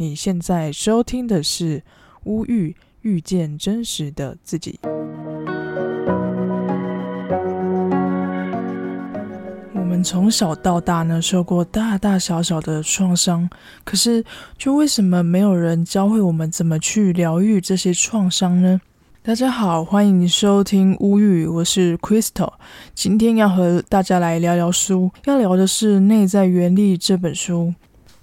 你現在收聽的是《巫玉遇見真實的自己》。我們從小到大呢，受過大大小小的創傷，可是，就為什麼沒有人教會我們怎麼去療癒這些創傷呢？大家好，歡迎收聽《巫玉》，我是 Crystal，今天要和大家來聊聊書，要聊的是《內在原力》這本書。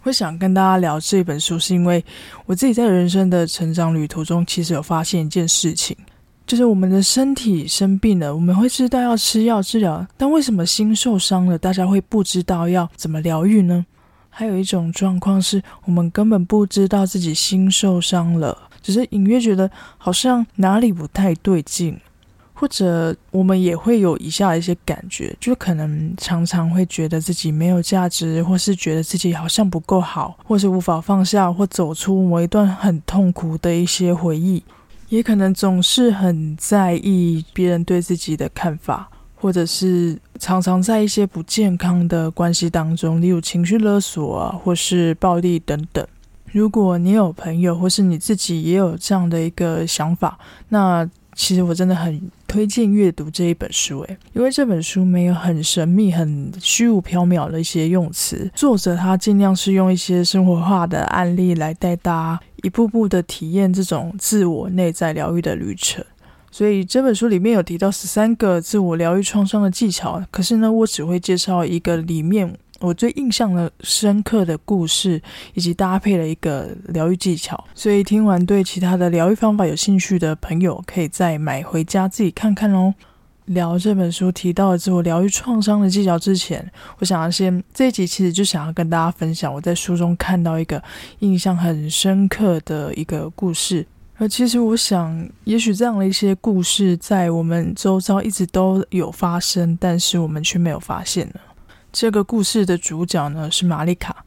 會想跟大家聊這本書，是因為我自己在人生的成長旅途中，其實有發現一件事情，就是我們的身體生病了，我們會知道要吃藥治療；但為什麼心受傷了，大家會不知道要怎麼療癒呢？還有一種狀況是，我們根本不知道自己心受傷了，只是隱約覺得好像哪裡不太對勁。或者我們也會有以下一些感覺，就可能常常會覺得自己沒有價值，或是覺得自己好像不夠好，或是無法放下或走出某一段很痛苦的一些回憶，也可能總是很在意別人對自己的看法，或者是常常在一些不健康的關係當中，例如情緒勒索啊，或是暴力等等。如果你有朋友，或是你自己也有這樣的一個想法，那。其實我真的很推薦閱讀這一本書誒，因為這本書沒有很神秘、很虛無縹緲的一些用詞，作者他儘量是用一些生活化的案例來帶大家一步步的體驗這種自我內在療癒的旅程。所以這本書裡面有提到十三個自我療癒創傷的技巧，可是呢，我只會介紹一個裡面。我最印象的深刻的故事，以及搭配了一個療癒技巧，所以聽完對其他的療癒方法有興趣的朋友，可以再買回家自己看看哦。聊這本書提到的自我療癒創傷的技巧之前，我想要先這一集其實就想要跟大家分享我在書中看到一個印象很深刻的一個故事。而其實我想，也許這樣的一些故事在我們周遭一直都有發生，但是我們卻沒有發現呢。這個故事的主角呢，是瑪麗卡，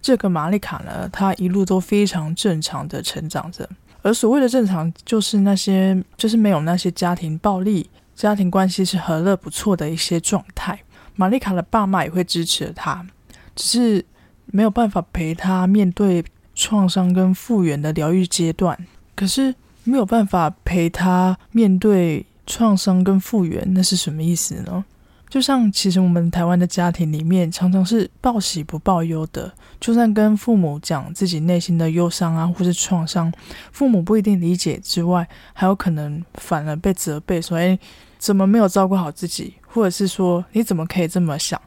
這個瑪麗卡呢，她一路都非常正常的成長着，而所謂的正常，就是那些就是沒有那些家庭暴力，家庭關係是和樂不錯的一些狀態。瑪麗卡的爸媽也會支持她，只是沒有辦法陪她面對創傷跟復原的療癒階段，可是沒有辦法陪她面對創傷跟復原，那是什麼意思呢？就像，其實我們台灣的家庭裡面，常常是報喜不報憂的。就算跟父母講自己內心的憂傷啊，或是創傷，父母不一定理解之外，還有可能反而被責備，說：“誒，怎麼沒有照顧好自己？”或者是說：“你怎麼可以這麼想？”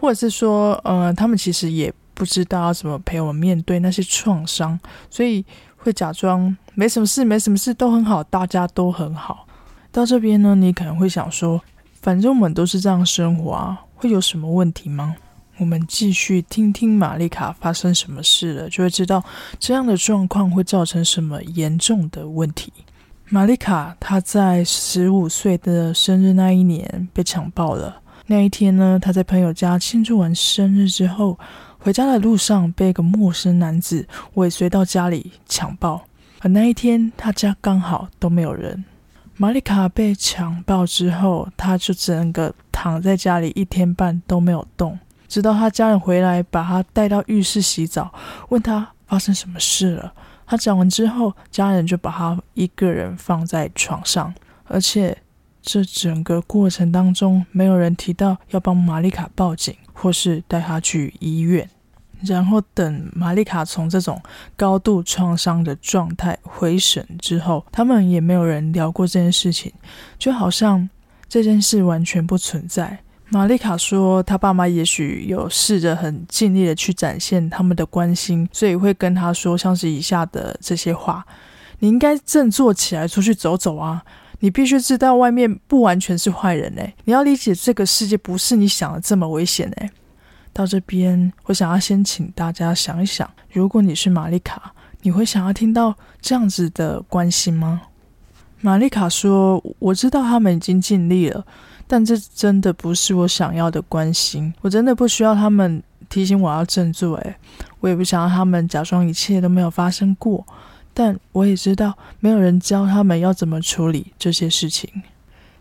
或者是說：“嗯、呃，他們其實也不知道要怎麼陪我面對那些創傷。”所以會假裝沒什麼事，沒什麼事都很好，大家都很好。到這邊呢，你可能會想說。反正我們都是這樣生活啊，會有什麼問題嗎？我們繼續聽聽瑪麗卡發生什麼事了，就會知道這樣的狀況會造成什麼嚴重的問題。瑪麗卡她在十五歲的生日那一年被強暴了。那一天呢，她在朋友家慶祝完生日之後，回家的路上被一個陌生男子尾隨到家裡強暴，而那一天她家剛好都沒有人。瑪麗卡被強暴之後，她就整個躺在家裡一天半都沒有動，直到她家人回來把她帶到浴室洗澡，問她發生什麼事了。她講完之後，家人就把她一個人放在床上，而且這整個過程當中，沒有人提到要幫瑪麗卡報警，或是帶她去醫院。然後等瑪麗卡從這種高度創傷的狀態回神之後，他們也沒有人聊過這件事情，就好像這件事完全不存在。瑪麗卡說，她爸媽也許有試着很盡力地去展現他們的關心，所以會跟她說像是以下的這些話：“你應該振作起來，出去走走啊！你必須知道外面不完全是壞人嘞，你要理解這個世界不是你想的這麼危險嘞。”到這邊，我想要先請大家想一想：如果你是瑪麗卡，你會想要聽到這樣子的關心嗎？瑪麗卡說：“我知道他們已經盡力了，但這真的不是我想要的關心。我真的不需要他們提醒我要振作、欸，誒，我也不想讓他們假裝一切都沒有發生過。但我也知道，沒有人教他們要怎麼處理這些事情，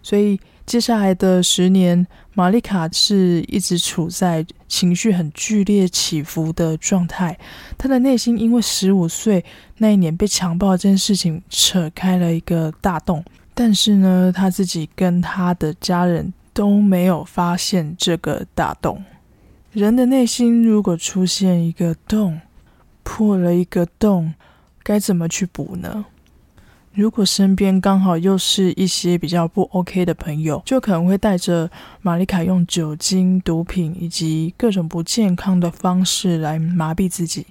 所以。”接下來的十年，瑪麗卡是一直處在情緒很劇烈起伏的狀態。她的內心因為十五歲那一年被強暴的這件事情扯開了一個大洞，但是呢，她自己跟她的家人都沒有發現這個大洞。人的內心如果出現一個洞，破了一個洞，該怎麼去補呢？如果身邊剛好又是一些比較不 OK 的朋友，就可能會帶着瑪麗卡用酒精、毒品以及各種不健康的方式來麻痹自己。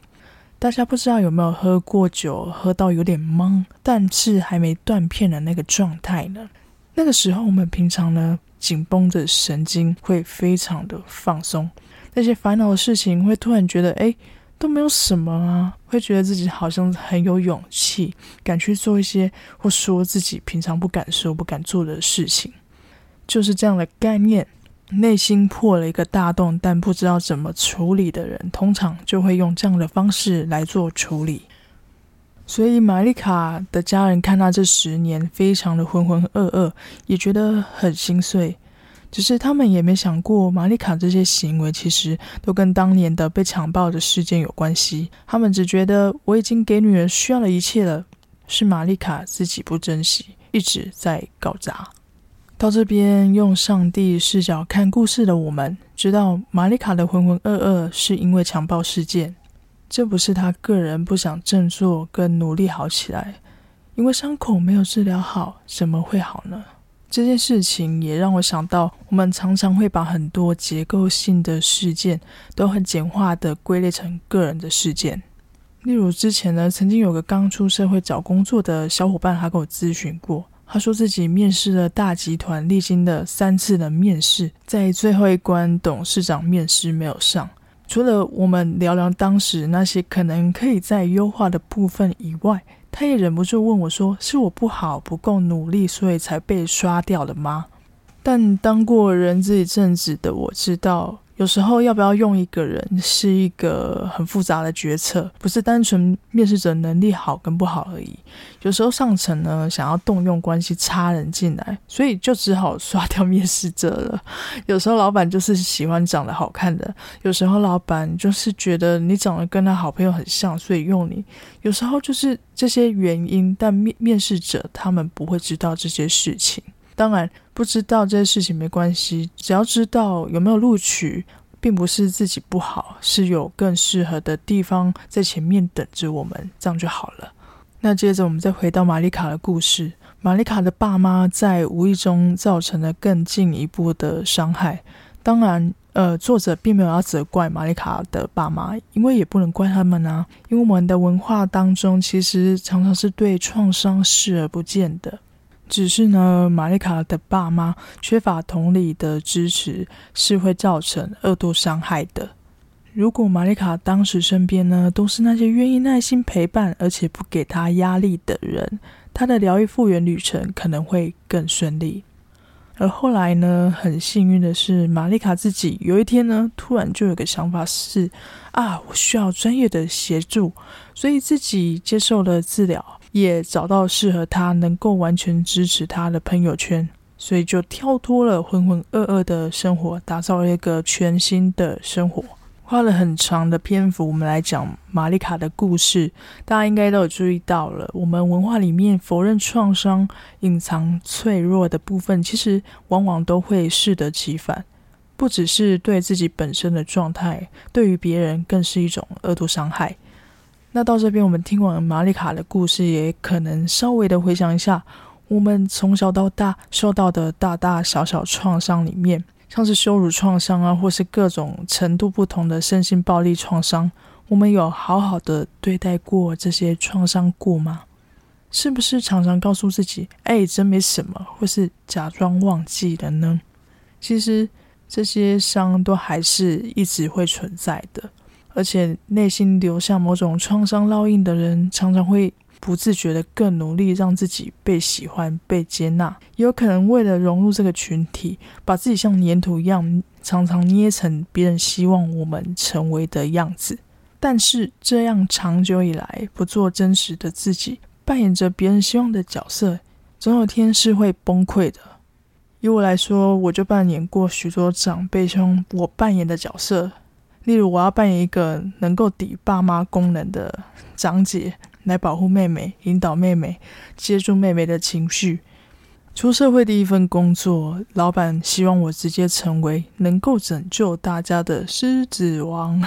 大家不知道有沒有喝過酒，喝到有點懵，但是還沒斷片的那個狀態呢？那個時候，我們平常呢緊繃的神經會非常的放鬆，那些煩惱的事情會突然覺得，哎。都沒有什麼啊，會覺得自己好像很有勇氣，敢去做一些或說自己平常不敢說、不敢做的事情，就是這樣的概念。內心破了一個大洞，但不知道怎麼處理的人，通常就會用這樣的方式來做處理。所以，瑪麗卡的家人看到這十年非常的渾渾噩噩，也覺得很心碎。只是他們也沒想過，瑪麗卡這些行為其實都跟當年的被強暴的事件有關係。他們只覺得我已經給女兒需要的一切了，是瑪麗卡自己不珍惜，一直在搞砸。到這邊用上帝視角看故事的我們，知道瑪麗卡的渾渾噩噩是因為強暴事件，這不是她個人不想振作跟努力好起來，因為傷口沒有治療好，怎麼會好呢？這件事情也讓我想到，我們常常會把很多結構性的事件，都很簡化的歸類成個人的事件。例如之前呢，曾經有個剛出社會找工作的小夥伴，他跟我諮詢過，他說自己面試了大集團，歷經了三次的面試，在最後一關董事長面試沒有上。除了我們聊聊當時那些可能可以再優化的部分以外，他也忍不住問我，說：“是我不好，不夠努力，所以才被刷掉了嗎？”但當過人這一陣子的我知道。有時候要不要用一個人是一個很複雜的決策，不是單純面試者能力好跟不好而已。有時候上層呢，想要動用關係插人進來，所以就只好刷掉面試者了。有時候老闆就是喜歡長得好看的，有時候老闆就是覺得你長得跟他好朋友很像，所以用你。有時候就是這些原因，但面面試者他們不會知道這些事情。當然，不知道這些事情沒關係，只要知道有沒有錄取，並不是自己不好，是有更適合的地方在前面等着我們，這樣就好了。那接着我們再回到瑪麗卡的故事，瑪麗卡的爸媽在無意中造成了更進一步的傷害。當然，呃，作者並沒有要責怪瑪麗卡的爸媽，因為也不能怪他們啊，因為我們的文化當中，其實常常是對創傷視而不見的。只是呢，瑪麗卡的爸媽缺乏同理的支持，是會造成二度傷害的。如果瑪麗卡當時身邊呢，都是那些願意耐心陪伴而且不給她壓力的人，她的療癒復原旅程可能會更順利。而後來呢，很幸運的是，瑪麗卡自己有一天呢，突然就有個想法是：啊，我需要專業的協助，所以自己接受了治療。也找到適合他、能夠完全支持他的朋友圈，所以就跳脫了渾渾噩噩的生活，打造了一個全新的生活。花了很長的篇幅，我們來講瑪麗卡的故事。大家應該都有注意到了，我們文化裡面否認創傷、隱藏脆弱的部分，其實往往都會適得其反。不只是對自己本身的狀態，對於別人更是一種二度傷害。那到這邊，我們聽完瑪麗卡的故事，也可能稍微的回想一下，我們從小到大受到的大大小小創傷裡面，像是羞辱創傷啊，或是各種程度不同的身心暴力創傷，我們有好好的對待過這些創傷過嗎？是不是常常告訴自己“哎、欸，真沒什麼”，或是假裝忘記了呢？其實這些傷都還是一直會存在的。.而且內心留下某種創傷烙印的人，常常會不自覺地更努力讓自己被喜歡、被接納。也有可能為了融入這個群體，把自己像粘土一樣，常常捏成別人希望我們成為的樣子。但是這樣長久以來不做真實的自己，扮演着別人希望的角色，總有天是會崩潰的。以我來說，我就扮演過許多長輩，希望我扮演的角色。例如，我要扮演一個能夠抵爸媽功能的長姐，來保護妹妹、引導妹妹、接住妹妹的情緒。出社會第一份工作，老闆希望我直接成為能夠拯救大家的獅子王。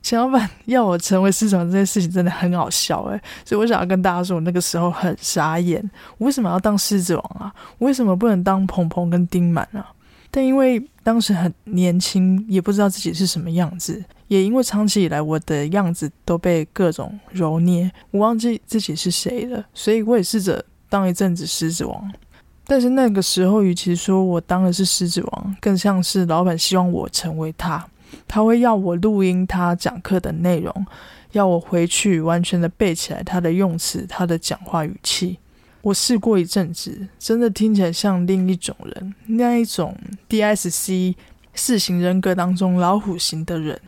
前 老闆要我成為獅子王這件事情真的很好笑誒，所以我想要跟大家說，我那個時候很傻眼，我為什麼要當獅子王啊？我為什麼不能當鵬鵬跟丁滿啊？但因為。當時很年輕，也不知道自己是什麼樣子，也因為長期以來我的樣子都被各種揉捏，我忘記自己是誰了。所以我也試着當一陣子獅子王，但是那個時候，與其說我當的是獅子王，更像是老闆希望我成為他。他會要我錄音他講課的內容，要我回去完全的背起來他的用詞、他的講話語氣。我試過一陣子，真的聽起來像另一種人，那一種 DSC 四型人格當中老虎型的人。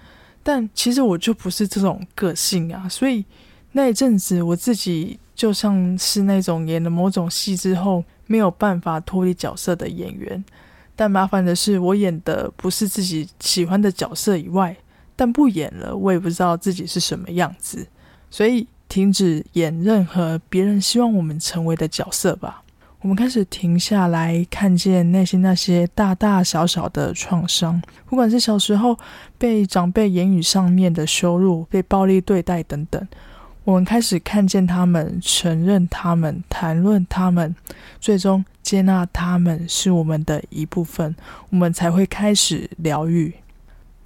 但其實我就不是這種個性啊，所以那一陣子我自己就像是那種演了某種戲之後沒有辦法脫離角色的演員。但麻煩的是，我演的不是自己喜歡的角色以外，但不演了，我也不知道自己是什麼樣子，所以。停止演任何別人希望我們成為的角色吧。我們開始停下來看見內心那些大大小小的創傷，不管是小時候被長輩言語上面的羞辱、被暴力對待等等。我們開始看見他們，承認他們，談論他們，最終接納他們是我們的一部分。我們才會開始療癒。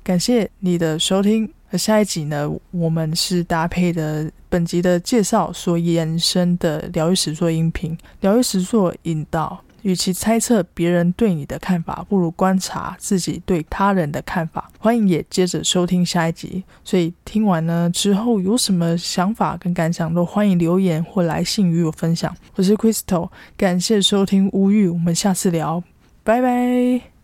感謝你的收聽。而下一集呢，我們是搭配的。本集的介紹所延伸的療癒實作、音頻、療癒實作引導。與其猜測別人對你的看法，不如觀察自己對他人的看法。歡迎也接着收聽下一集。所以聽完呢之後，有什麼想法跟感想，都歡迎留言或來信與我分享。我是 Crystal，感謝收聽巫語，我們下次聊，拜拜。